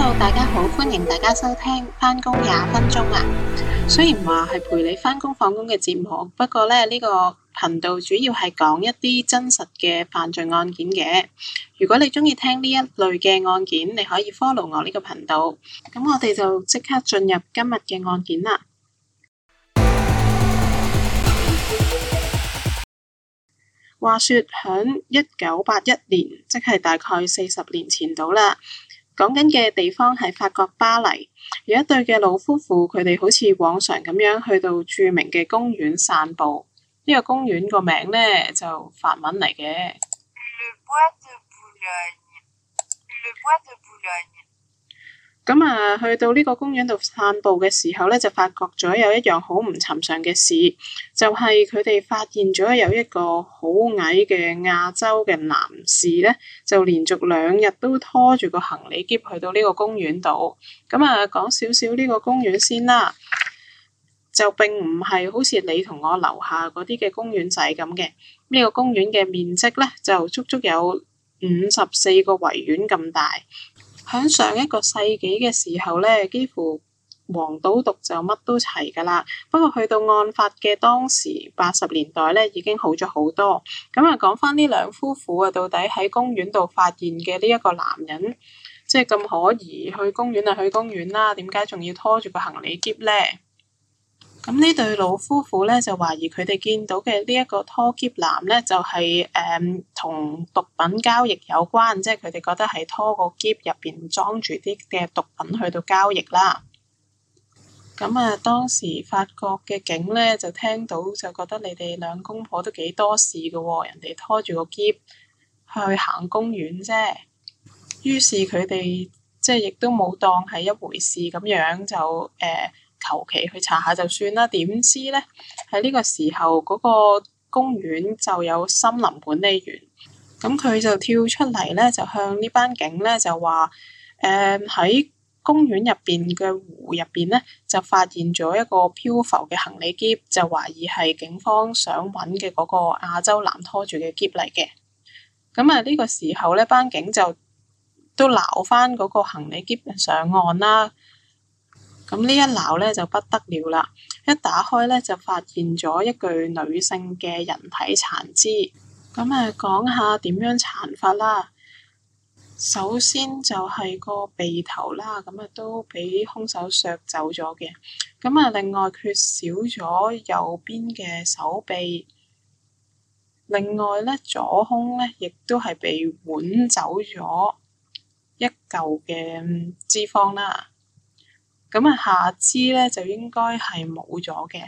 Hello 大家好，歡迎大家收聽返工廿分鐘啊。雖然話係陪你返工放工嘅節目，不過咧呢個頻道主要係講一啲真實嘅犯罪案件嘅。如果你鍾意聽呢一類嘅案件，你可以 follow 我呢個頻道。咁我哋就即刻進入今日嘅案件啦。 話說響一九八一年，即係大概四十年前度啦。講緊嘅地方係法國巴黎，有一對嘅老夫婦，佢哋好似往常咁樣去到著名嘅公園散步。呢個公園個名咧就法文嚟嘅。咁啊，去到呢個公園度散步嘅時候咧，就發覺咗有一樣好唔尋常嘅事，就係佢哋發現咗有一個好矮嘅亞洲嘅男士咧，就連續兩日都拖住個行李篋去到呢個公園度。咁啊，講少少呢個公園先啦，就並唔係好似你同我樓下嗰啲嘅公園仔咁嘅。呢個公園嘅面積咧，就足足有五十四個維園咁大。喺上一個世紀嘅時候咧，幾乎黃賭毒就乜都齊㗎啦。不過去到案發嘅當時八十年代咧，已經好咗好多。咁啊，講翻呢兩夫婦啊，到底喺公園度發現嘅呢一個男人，即係咁可疑，去公園啊去公園啦，點解仲要拖住個行李篋咧？咁呢對老夫婦咧就懷疑佢哋見到嘅呢一個拖喼男咧就係、是、誒、嗯、同毒品交易有關，即係佢哋覺得係拖個喼入邊裝住啲嘅毒品去到交易啦。咁、嗯、啊，當時法國嘅警咧就聽到就覺得你哋兩公婆都幾多事㗎喎、哦，人哋拖住個喼去行公園啫。於是佢哋即係亦都冇當係一回事咁樣就誒。呃求其去查下就算啦，點知呢？喺呢個時候嗰，那個公園就有森林管理員，咁佢就跳出嚟呢就向呢班警呢就話：誒、呃、喺公園入邊嘅湖入邊呢，就發現咗一個漂浮嘅行李篋，就懷疑係警方想揾嘅嗰個亞洲男拖住嘅篋嚟嘅。咁啊，呢個時候呢，班警就都撈返嗰個行李篋上岸啦。咁呢一鬧咧就不得了啦！一打開咧就發現咗一具女性嘅人體殘肢。咁、嗯、啊，講下點樣殘法啦。首先就係個鼻頭啦，咁、嗯、啊都俾兇手削走咗嘅。咁、嗯、啊，另外缺少咗右邊嘅手臂。另外咧，左胸咧，亦都係被揾走咗一嚿嘅脂肪啦。咁啊，下肢咧就應該係冇咗嘅。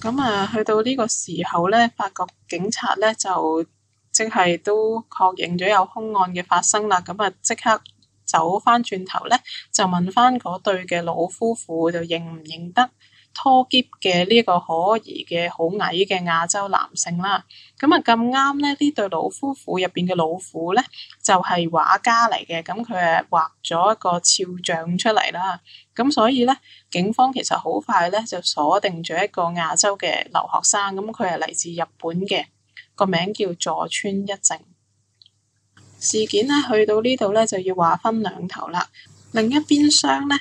咁啊，去到呢個時候咧，法國警察咧就即係都確認咗有兇案嘅發生啦。咁啊，即刻走翻轉頭咧，就問翻嗰對嘅老夫婦就認唔認得？拖喼嘅呢個可疑嘅好矮嘅亞洲男性啦，咁啊咁啱咧呢對老夫婦入邊嘅老婦咧就係、是、畫家嚟嘅，咁佢誒畫咗一個肖像出嚟啦。咁所以咧，警方其實好快咧就鎖定咗一個亞洲嘅留學生，咁佢係嚟自日本嘅，個名叫佐川一政。事件咧去到呢度咧就要話分兩頭啦，另一邊廂咧。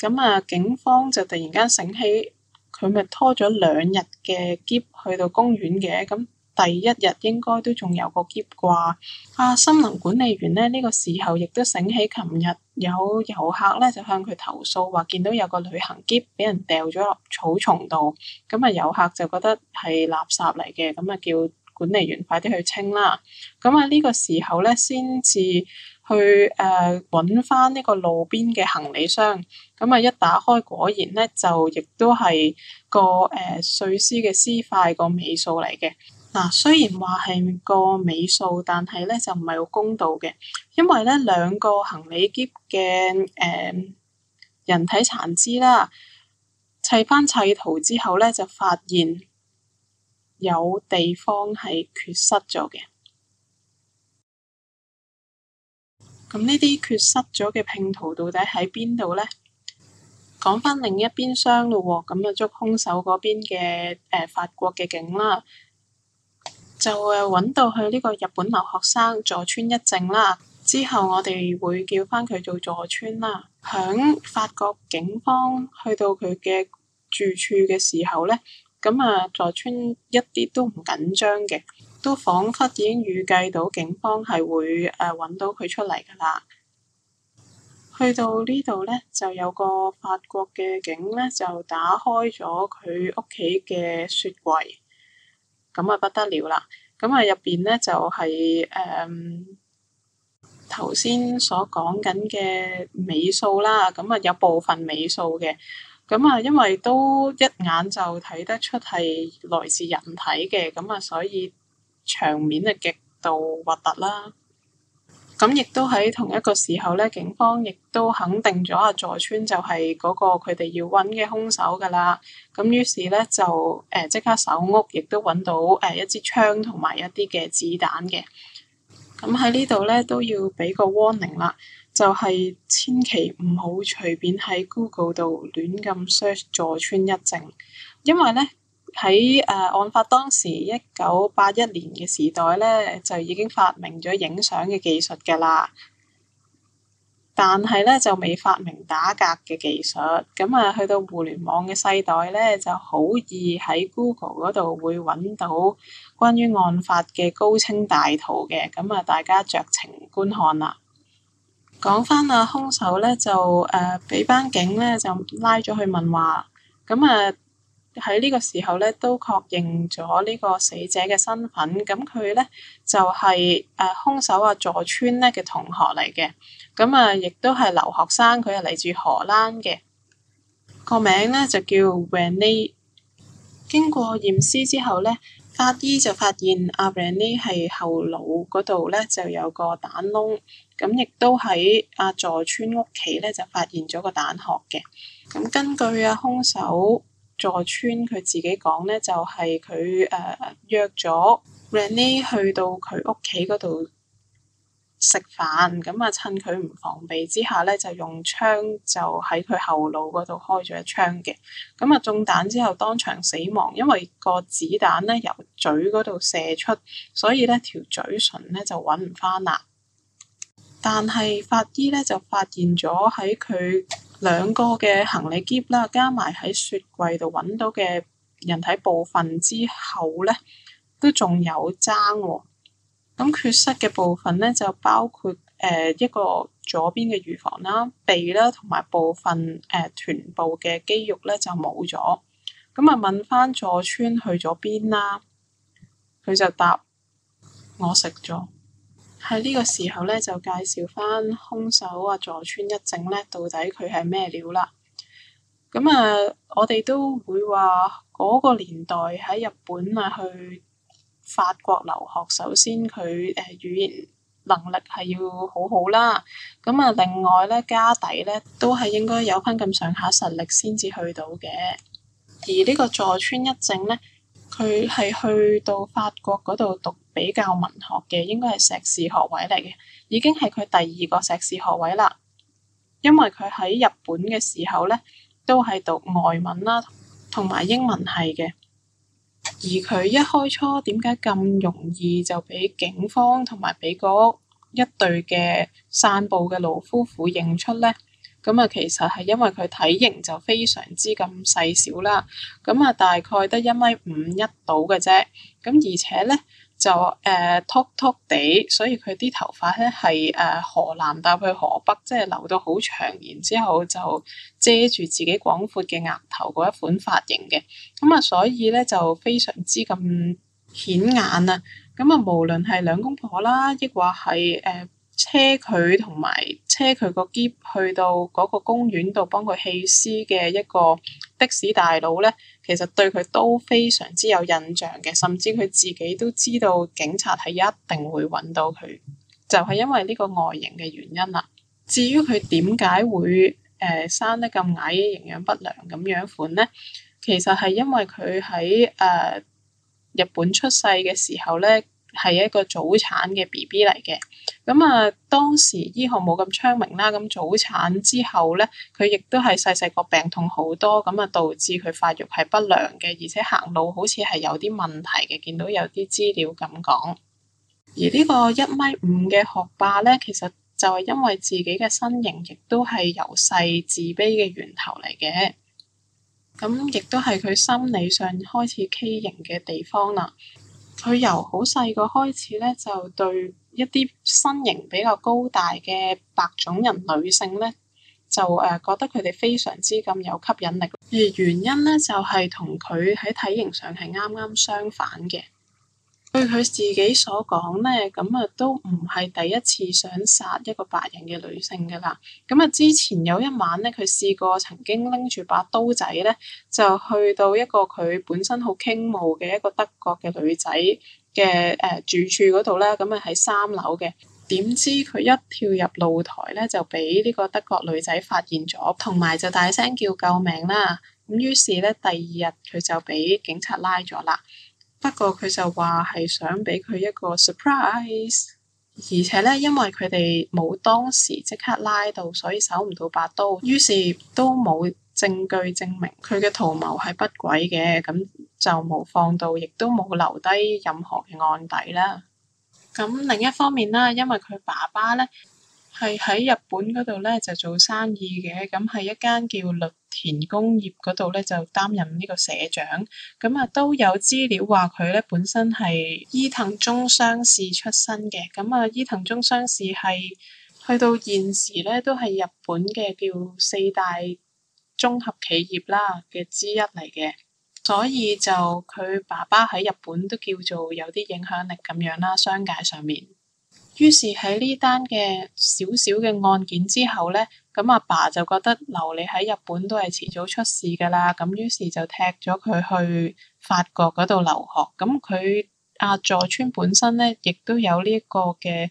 咁啊，警方就突然間醒起，佢咪拖咗兩日嘅篋去到公園嘅，咁第一日應該都仲有個篋啩。啊，森林管理員咧呢、呢個時候亦都醒起，琴日有遊客咧就向佢投訴話，見到有個旅行篋俾人掉咗落草叢度，咁啊遊客就覺得係垃圾嚟嘅，咁、嗯、啊叫管理員快啲去清啦。咁啊呢個時候咧先至。去誒揾翻呢個路邊嘅行李箱，咁啊一打開，果然咧就亦都係個誒碎屍嘅屍塊個尾數嚟嘅。嗱、啊，雖然話係個尾數，但係咧就唔係好公道嘅，因為咧兩個行李篋嘅誒人體殘肢啦，砌翻砌，砌圖之後咧就發現有地方係缺失咗嘅。咁呢啲缺失咗嘅拼圖到底喺邊度呢？講翻另一邊廂咯。喎，咁啊捉兇手嗰邊嘅誒法國嘅警啦，就誒揾到去呢個日本留學生佐村一正啦。之後我哋會叫翻佢做佐川啦。響法國警方去到佢嘅住處嘅時候呢，咁啊佐川一啲都唔緊張嘅。都仿佛已經預計到警方係會誒揾、啊、到佢出嚟㗎啦。去到呢度咧，就有個法國嘅警咧，就打開咗佢屋企嘅雪櫃，咁啊不得了，了、就是嗯、的的啦！咁啊入邊咧就係誒頭先所講緊嘅尾數啦，咁啊有部分尾數嘅，咁啊因為都一眼就睇得出係來，來自人體嘅，咁啊所以。場面啊，極度核突啦！咁亦都喺同一個時候咧，警方亦都肯定咗阿佐川就係嗰個佢哋要揾嘅兇手噶啦。咁於是咧就誒即、呃、刻搜屋，亦都揾到誒、呃、一支槍同埋一啲嘅子彈嘅。咁喺呢度咧都要俾個 warning 啦，就係、是、千祈唔好隨便喺 Google 度亂咁 search 佐川一正，因為咧。喺誒案發當時，一九八一年嘅時代咧，就已經發明咗影相嘅技術㗎喇。但係咧就未發明打格嘅技術。咁啊，去到互聯網嘅世代咧，就好易喺 Google 嗰度會揾到關於案發嘅高清大圖嘅。咁啊，大家酌情觀看啦。講返啊，兇手咧就誒俾班警咧就拉咗去問話。咁啊～喺呢個時候咧，都確認咗呢個死者嘅身份。咁佢咧就係、是、誒、啊、兇手啊，佐川咧嘅同學嚟嘅。咁啊，亦都係留學生，佢係嚟自荷蘭嘅。個名咧就叫 Vanley。經過驗屍之後咧，法醫就發現阿 Vanley 係後腦嗰度咧就有個彈窿，咁亦都喺阿佐川屋企咧就發現咗個彈殼嘅。咁根據阿、啊、兇手。在川佢自己講咧，就係佢誒約咗 Renee 去到佢屋企嗰度食飯，咁啊趁佢唔防備之下咧，就用槍就喺佢後腦嗰度開咗一槍嘅。咁啊中彈之後當場死亡，因為個子彈咧由嘴嗰度射出，所以咧條嘴唇咧就揾唔返啦。但係法醫咧就發現咗喺佢兩個嘅行李夾喼啦，加埋喺雪櫃度揾到嘅人體部分之後咧，都仲有爭喎、哦。咁缺失嘅部分咧就包括誒、呃、一個左邊嘅乳房啦、鼻啦，同埋部分誒、呃、臀部嘅肌肉咧就冇咗。咁啊問翻佐川去咗邊啦？佢就答：我食咗。喺呢個時候咧，就介紹翻兇手啊，佐川一政咧，到底佢係咩料啦？咁啊，我哋都會話嗰、那個年代喺日本啊去法國留學，首先佢誒、啊、語言能力係要好好啦。咁啊，另外咧，家底咧都係應該有番咁上下實力先至去到嘅。而呢個佐川一政咧，佢係去到法國嗰度讀比較文學嘅應該係碩士學位嚟嘅，已經係佢第二個碩士學位啦。因為佢喺日本嘅時候呢，都係讀外文啦，同埋英文系嘅。而佢一開初點解咁容易就俾警方同埋俾嗰一對嘅散步嘅老夫婦認出呢？咁啊，其實係因為佢體型就非常之咁細小啦。咁啊，大概得一米五一到嘅啫。咁而且呢。就誒、呃、禿禿地，所以佢啲頭髮咧係誒河南，搭去河北，即係留到好長，然之後就遮住自己廣闊嘅額頭嗰一款髮型嘅，咁啊，所以咧就非常之咁顯眼啊！咁啊，無論係兩公婆啦，亦或係誒車佢同埋車佢個喼去到嗰個公園度幫佢棄屍嘅一個。的士大佬咧，其實對佢都非常之有印象嘅，甚至佢自己都知道警察係一定會揾到佢，就係因為呢個外形嘅原因啦。至於佢點解會誒生得咁矮、營養不良咁樣款咧，其實係因為佢喺誒日本出世嘅時候咧。係一個早產嘅 BB 嚟嘅咁啊。當時醫學冇咁昌明啦，咁早產之後咧，佢亦都係細細個病痛好多，咁啊導致佢發育係不良嘅，而且行路好似係有啲問題嘅。見到有啲資料咁講，而呢個一米五嘅學霸咧，其實就係因為自己嘅身形亦都係由細自卑嘅源頭嚟嘅，咁亦都係佢心理上開始畸形嘅地方啦。佢由好細個開始咧，就對一啲身形比較高大嘅白種人女性咧，就誒、呃、覺得佢哋非常之咁有吸引力，而原因咧就係同佢喺體型上係啱啱相反嘅。據佢自己所講咧，咁啊都唔係第一次想殺一個白人嘅女性噶啦。咁啊，之前有一晚咧，佢試過曾經拎住把刀仔咧，就去到一個佢本身好傾慕嘅一個德國嘅女仔嘅誒住處嗰度啦。咁啊喺三樓嘅，點知佢一跳入露台咧，就俾呢個德國女仔發現咗，同埋就大聲叫救命啦。咁於是咧，第二日佢就俾警察拉咗啦。不過佢就話係想俾佢一個 surprise，而且咧，因為佢哋冇當時即刻拉到，所以守唔到把刀，於是都冇證據證明佢嘅圖謀係不軌嘅，咁就冇放到，亦都冇留低任何嘅案底啦。咁另一方面啦，因為佢爸爸咧係喺日本嗰度咧就做生意嘅，咁係一間叫田工業嗰度咧就擔任呢個社長，咁啊都有資料話佢咧本身係伊藤忠商事出身嘅，咁啊伊藤忠商事係去到現時咧都係日本嘅叫四大綜合企業啦嘅之一嚟嘅，所以就佢爸爸喺日本都叫做有啲影響力咁樣啦，商界上面。於是喺呢單嘅少少嘅案件之後呢，咁阿爸、爸就覺得留你喺日本都係遲早出事噶啦，咁於是就踢咗佢去法國嗰度留學。咁佢阿佐川本身呢，亦都有呢一個嘅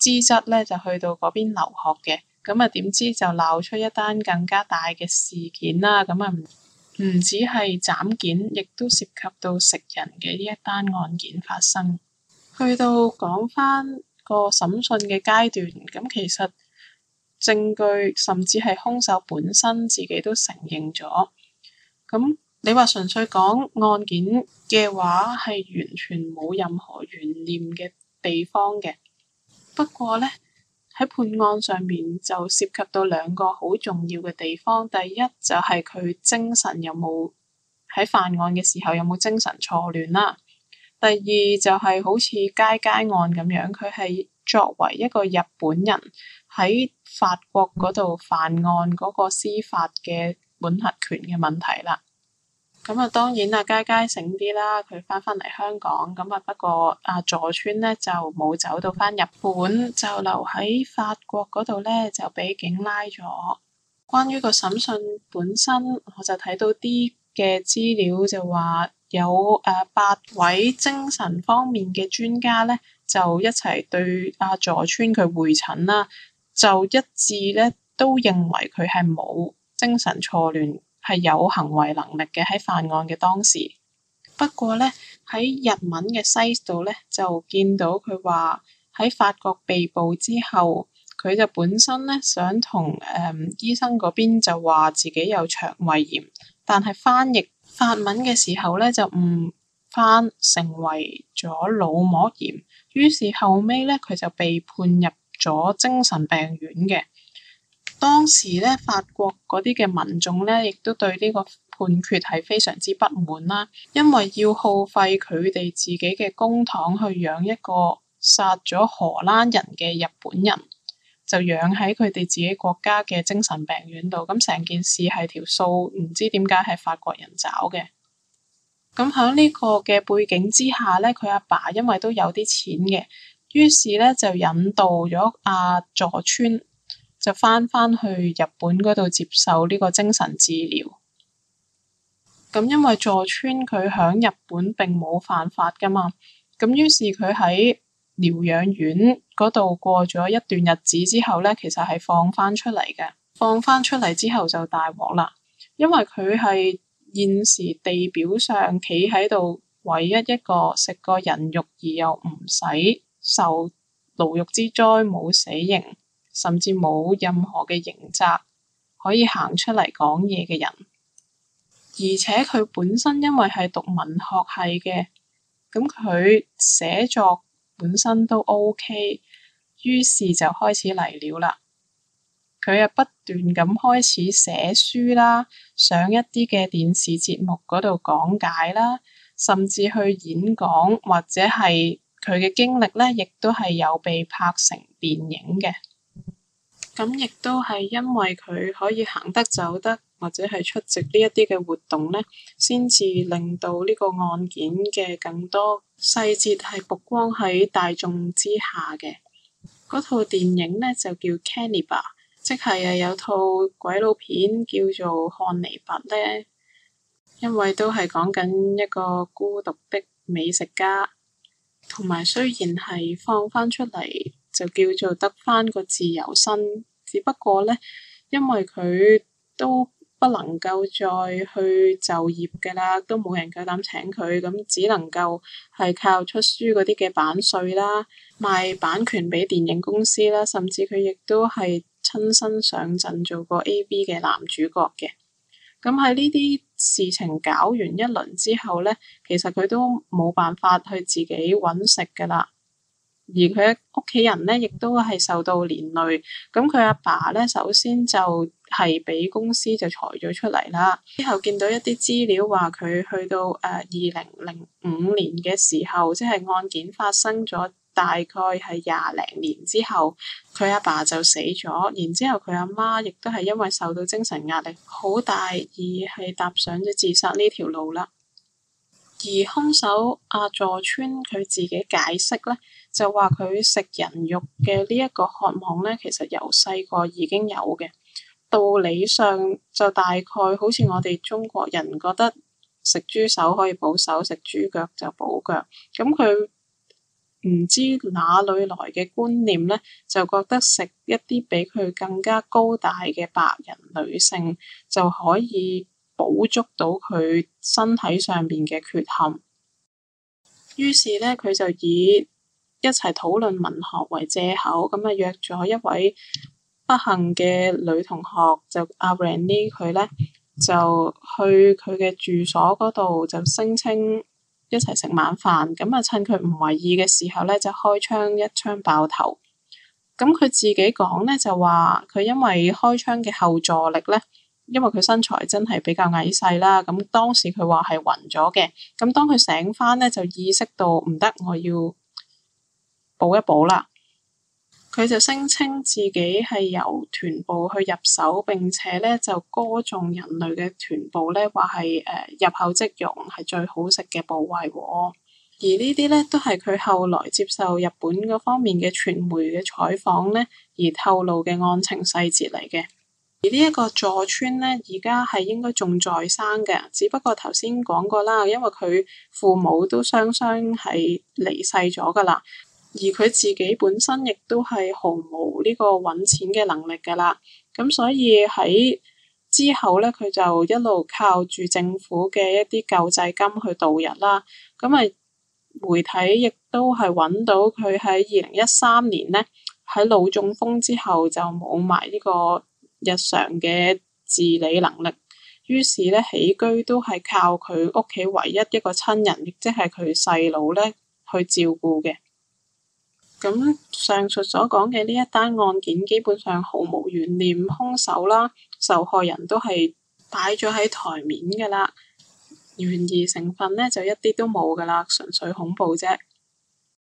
資質呢，就去到嗰邊留學嘅。咁啊，點知就鬧出一單更加大嘅事件啦。咁啊，唔唔止係斬件，亦都涉及到食人嘅呢一單案件發生。去到講返。個審訊嘅階段，咁其實證據甚至係兇手本身自己都承認咗。咁、嗯、你話純粹講案件嘅話，係完全冇任何懸念嘅地方嘅。不過呢，喺判案上面就涉及到兩個好重要嘅地方。第一就係佢精神有冇喺犯案嘅時候有冇精神錯亂啦、啊。第二就係好似佳佳案咁樣，佢係作為一個日本人喺法國嗰度犯案，嗰個司法嘅管轄權嘅問題啦。咁啊，當然啊，佳佳醒啲啦，佢翻返嚟香港咁啊，不過啊，佐川呢就冇走到翻日本，就留喺法國嗰度呢，就俾警拉咗。關於個審訊本身，我就睇到啲嘅資料就話。有誒、呃、八位精神方面嘅專家咧，就一齊對阿、啊、佐川佢會診啦，就一致咧都認為佢係冇精神錯亂，係有行為能力嘅喺犯案嘅當時。不過咧，喺日文嘅西度咧就見到佢話喺法國被捕之後，佢就本身咧想同誒、呃、醫生嗰邊就話自己有腸胃炎，但係翻譯。法文嘅時候咧，就唔翻成為咗腦膜炎，於是後尾咧佢就被判入咗精神病院嘅。當時咧，法國嗰啲嘅民眾咧，亦都對呢個判決係非常之不滿啦，因為要耗費佢哋自己嘅公帑去養一個殺咗荷蘭人嘅日本人。就養喺佢哋自己國家嘅精神病院度，咁成件事係條數唔知點解係法國人找嘅。咁喺呢個嘅背景之下咧，佢阿爸因為都有啲錢嘅，於是咧就引導咗阿佐川就翻返去日本嗰度接受呢個精神治療。咁因為佐川佢響日本並冇犯法噶嘛，咁於是佢喺療養院。嗰度過咗一段日子之後呢，其實係放返出嚟嘅。放返出嚟之後就大鑊啦，因為佢係現時地表上企喺度唯一一個食過人肉而又唔使受牢獄之災、冇死刑、甚至冇任何嘅刑責可以行出嚟講嘢嘅人。而且佢本身因為係讀文學系嘅，咁佢寫作，本身都 OK，於是就開始嚟了啦。佢啊不斷咁開始寫書啦，上一啲嘅電視節目度講解啦，甚至去演講或者係佢嘅經歷咧，亦都係有被拍成電影嘅。咁亦都係因為佢可以行得走得。或者係出席呢一啲嘅活動呢，先至令到呢個案件嘅更多細節係曝光喺大眾之下嘅。嗰套電影呢就叫《Cannibal》，即係啊有套鬼佬片叫做《漢尼拔》呢，因為都係講緊一個孤獨的美食家。同埋雖然係放翻出嚟就叫做得翻個自由身，只不過呢，因為佢都不能夠再去就業嘅啦，都冇人夠膽請佢，咁只能夠係靠出書嗰啲嘅版稅啦，賣版權俾電影公司啦，甚至佢亦都係親身上陣做個 AV 嘅男主角嘅。咁喺呢啲事情搞完一輪之後呢，其實佢都冇辦法去自己揾食嘅啦。而佢屋企人咧，亦都係受到連累。咁佢阿爸咧，首先就係俾公司就裁咗出嚟啦。之後見到一啲資料話，佢去到誒，二零零五年嘅時候，即係案件發生咗大概係廿零年之後，佢阿爸就死咗。然之後佢阿媽亦都係因為受到精神壓力好大，而係踏上咗自殺呢條路啦。而兇手阿佐川佢自己解釋呢，就話佢食人肉嘅呢一個渴望呢，其實由細個已經有嘅。道理上就大概好似我哋中國人覺得食豬手可以補手，食豬腳就補腳。咁佢唔知哪裏來嘅觀念呢，就覺得食一啲比佢更加高大嘅白人女性就可以補足到佢身體上邊嘅缺陷，於是咧佢就以一齊討論文學為借口，咁啊約咗一位不幸嘅女同學就阿 Randy 佢咧，就去佢嘅住所嗰度，就聲稱一齊食晚飯，咁啊趁佢唔為意嘅時候咧，就開槍一槍爆頭。咁佢自己講咧就話佢因為開槍嘅後座力咧。因為佢身材真係比較矮細啦，咁當時佢話係暈咗嘅，咁當佢醒返咧，就意識到唔得，我要補一補啦。佢就聲稱自己係由臀部去入手，並且咧就歌頌人類嘅臀部咧，話係誒入口即溶係最好食嘅部位。而呢啲咧都係佢後來接受日本嗰方面嘅傳媒嘅採訪咧而透露嘅案情細節嚟嘅。而呢一個座村咧，而家係應該仲在生嘅，只不過頭先講過啦，因為佢父母都雙雙係離世咗噶啦，而佢自己本身亦都係毫無呢個揾錢嘅能力噶啦，咁所以喺之後咧，佢就一路靠住政府嘅一啲救濟金去度日啦。咁啊，媒體亦都係揾到佢喺二零一三年咧，喺腦中風之後就冇埋呢個。日常嘅自理能力，於是咧，起居都係靠佢屋企唯一一個親人，亦即係佢細佬咧去照顧嘅。咁上述所講嘅呢一單案件，基本上毫無懸念，兇手啦、受害人都係擺咗喺台面噶啦，懸疑成分咧就一啲都冇噶啦，純粹恐怖啫。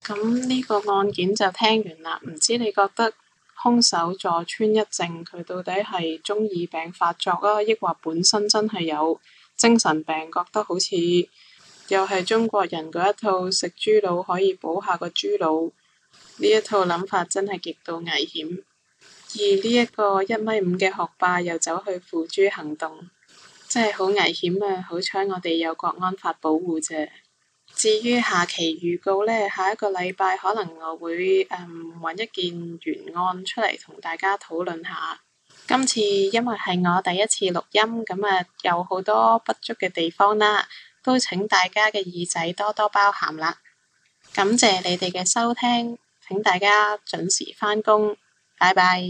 咁呢、呢個案件就聽完啦，唔知你覺得？空手助穿一症，佢到底係中二病發作啊，抑或本身真係有精神病，覺得好似又係中國人嗰一套食豬腦可以補下個豬腦，呢一套諗法真係極度危險，而呢一個一米五嘅學霸又走去付諸行動，真係好危險啊！好彩我哋有國安法保護啫。至於下期預告呢，下一個禮拜可能我會揾、嗯、一件冤案出嚟同大家討論下。今次因為係我第一次錄音，咁啊有好多不足嘅地方啦，都請大家嘅耳仔多多包涵啦。感謝你哋嘅收聽，請大家準時返工，拜拜。